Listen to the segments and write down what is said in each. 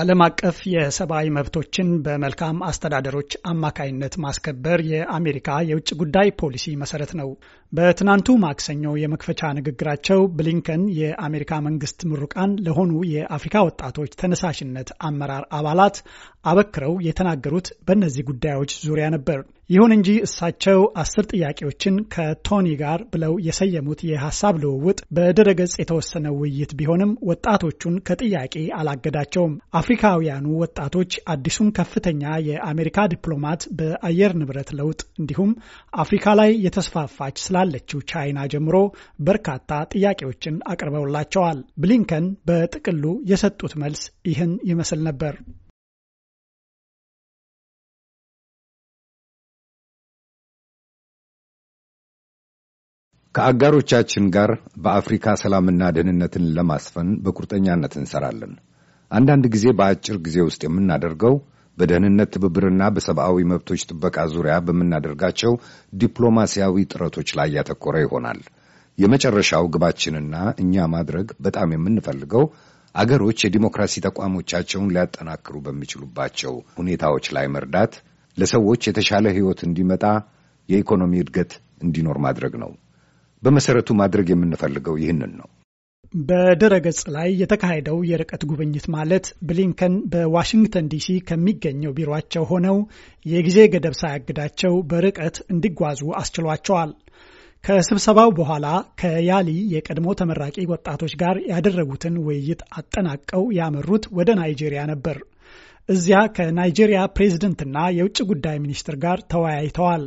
ዓለም አቀፍ የሰብአዊ መብቶችን በመልካም አስተዳደሮች አማካይነት ማስከበር የአሜሪካ የውጭ ጉዳይ ፖሊሲ መሰረት ነው። በትናንቱ ማክሰኞ የመክፈቻ ንግግራቸው ብሊንከን የአሜሪካ መንግስት ምሩቃን ለሆኑ የአፍሪካ ወጣቶች ተነሳሽነት አመራር አባላት አበክረው የተናገሩት በእነዚህ ጉዳዮች ዙሪያ ነበር። ይሁን እንጂ እሳቸው አስር ጥያቄዎችን ከቶኒ ጋር ብለው የሰየሙት የሀሳብ ልውውጥ በድረገጽ የተወሰነ ውይይት ቢሆንም ወጣቶቹን ከጥያቄ አላገዳቸውም። አፍሪካውያኑ ወጣቶች አዲሱን ከፍተኛ የአሜሪካ ዲፕሎማት በአየር ንብረት ለውጥ እንዲሁም አፍሪካ ላይ የተስፋፋች ስላለችው ቻይና ጀምሮ በርካታ ጥያቄዎችን አቅርበውላቸዋል። ብሊንከን በጥቅሉ የሰጡት መልስ ይህን ይመስል ነበር። ከአጋሮቻችን ጋር በአፍሪካ ሰላምና ደህንነትን ለማስፈን በቁርጠኛነት እንሰራለን። አንዳንድ ጊዜ በአጭር ጊዜ ውስጥ የምናደርገው በደህንነት ትብብርና በሰብአዊ መብቶች ጥበቃ ዙሪያ በምናደርጋቸው ዲፕሎማሲያዊ ጥረቶች ላይ ያተኮረ ይሆናል። የመጨረሻው ግባችንና እኛ ማድረግ በጣም የምንፈልገው አገሮች የዲሞክራሲ ተቋሞቻቸውን ሊያጠናክሩ በሚችሉባቸው ሁኔታዎች ላይ መርዳት፣ ለሰዎች የተሻለ ሕይወት እንዲመጣ፣ የኢኮኖሚ እድገት እንዲኖር ማድረግ ነው። በመሰረቱ ማድረግ የምንፈልገው ይህንን ነው። በድረገጽ ላይ የተካሄደው የርቀት ጉብኝት ማለት ብሊንከን በዋሽንግተን ዲሲ ከሚገኘው ቢሮቸው ሆነው የጊዜ ገደብ ሳያግዳቸው በርቀት እንዲጓዙ አስችሏቸዋል። ከስብሰባው በኋላ ከያሊ የቀድሞ ተመራቂ ወጣቶች ጋር ያደረጉትን ውይይት አጠናቀው ያመሩት ወደ ናይጄሪያ ነበር። እዚያ ከናይጄሪያ ፕሬዝደንትና የውጭ ጉዳይ ሚኒስትር ጋር ተወያይተዋል።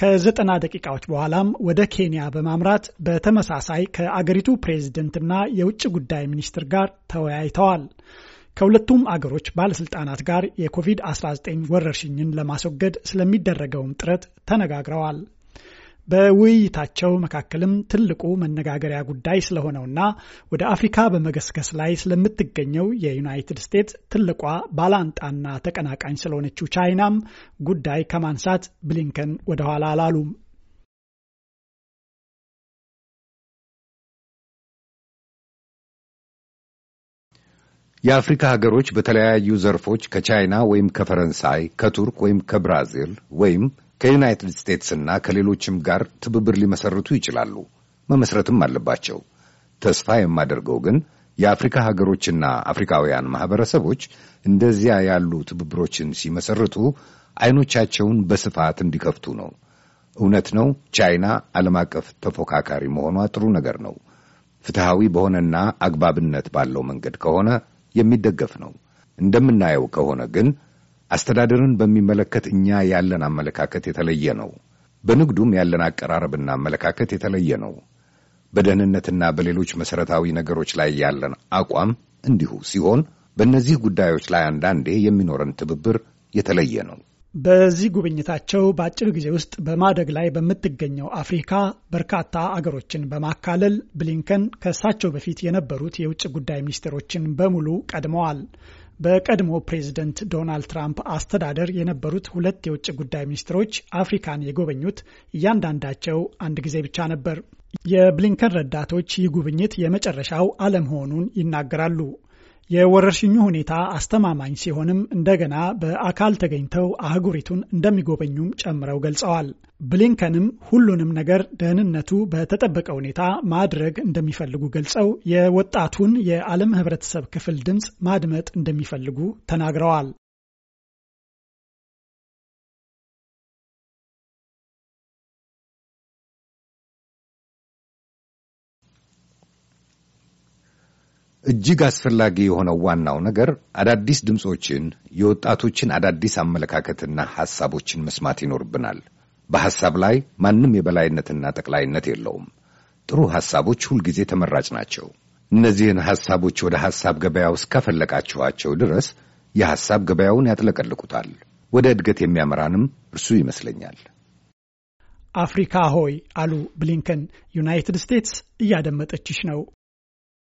ከዘጠና ደቂቃዎች በኋላም ወደ ኬንያ በማምራት በተመሳሳይ ከአገሪቱ ፕሬዝደንትና የውጭ ጉዳይ ሚኒስትር ጋር ተወያይተዋል። ከሁለቱም አገሮች ባለስልጣናት ጋር የኮቪድ-19 ወረርሽኝን ለማስወገድ ስለሚደረገውም ጥረት ተነጋግረዋል። በውይይታቸው መካከልም ትልቁ መነጋገሪያ ጉዳይ ስለሆነውና ወደ አፍሪካ በመገስገስ ላይ ስለምትገኘው የዩናይትድ ስቴትስ ትልቋ ባላንጣና ተቀናቃኝ ስለሆነችው ቻይናም ጉዳይ ከማንሳት ብሊንከን ወደኋላ አላሉም። የአፍሪካ ሀገሮች በተለያዩ ዘርፎች ከቻይና ወይም ከፈረንሳይ ከቱርክ ወይም ከብራዚል ወይም ከዩናይትድ ስቴትስና ከሌሎችም ጋር ትብብር ሊመሰርቱ ይችላሉ። መመስረትም አለባቸው። ተስፋ የማደርገው ግን የአፍሪካ ሀገሮችና አፍሪካውያን ማህበረሰቦች እንደዚያ ያሉ ትብብሮችን ሲመሰርቱ አይኖቻቸውን በስፋት እንዲከፍቱ ነው። እውነት ነው፣ ቻይና ዓለም አቀፍ ተፎካካሪ መሆኗ ጥሩ ነገር ነው። ፍትሐዊ በሆነና አግባብነት ባለው መንገድ ከሆነ የሚደገፍ ነው። እንደምናየው ከሆነ ግን አስተዳደርን በሚመለከት እኛ ያለን አመለካከት የተለየ ነው። በንግዱም ያለን አቀራረብና አመለካከት የተለየ ነው። በደህንነትና በሌሎች መሠረታዊ ነገሮች ላይ ያለን አቋም እንዲሁ ሲሆን በእነዚህ ጉዳዮች ላይ አንዳንዴ የሚኖረን ትብብር የተለየ ነው። በዚህ ጉብኝታቸው በአጭር ጊዜ ውስጥ በማደግ ላይ በምትገኘው አፍሪካ በርካታ አገሮችን በማካለል ብሊንከን ከእሳቸው በፊት የነበሩት የውጭ ጉዳይ ሚኒስቴሮችን በሙሉ ቀድመዋል። በቀድሞ ፕሬዝደንት ዶናልድ ትራምፕ አስተዳደር የነበሩት ሁለት የውጭ ጉዳይ ሚኒስትሮች አፍሪካን የጎበኙት እያንዳንዳቸው አንድ ጊዜ ብቻ ነበር። የብሊንከን ረዳቶች ይህ ጉብኝት የመጨረሻው አለመሆኑን ይናገራሉ። የወረርሽኙ ሁኔታ አስተማማኝ ሲሆንም እንደገና በአካል ተገኝተው አህጉሪቱን እንደሚጎበኙም ጨምረው ገልጸዋል። ብሊንከንም ሁሉንም ነገር ደህንነቱ በተጠበቀ ሁኔታ ማድረግ እንደሚፈልጉ ገልጸው የወጣቱን የዓለም ሕብረተሰብ ክፍል ድምፅ ማድመጥ እንደሚፈልጉ ተናግረዋል። እጅግ አስፈላጊ የሆነው ዋናው ነገር አዳዲስ ድምፆችን፣ የወጣቶችን አዳዲስ አመለካከትና ሐሳቦችን መስማት ይኖርብናል። በሐሳብ ላይ ማንም የበላይነትና ጠቅላይነት የለውም። ጥሩ ሐሳቦች ሁልጊዜ ተመራጭ ናቸው። እነዚህን ሐሳቦች ወደ ሐሳብ ገበያው እስካፈለቃችኋቸው ድረስ የሐሳብ ገበያውን ያጥለቀልቁታል። ወደ እድገት የሚያመራንም እርሱ ይመስለኛል። አፍሪካ ሆይ አሉ ብሊንከን፣ ዩናይትድ ስቴትስ እያደመጠችሽ ነው።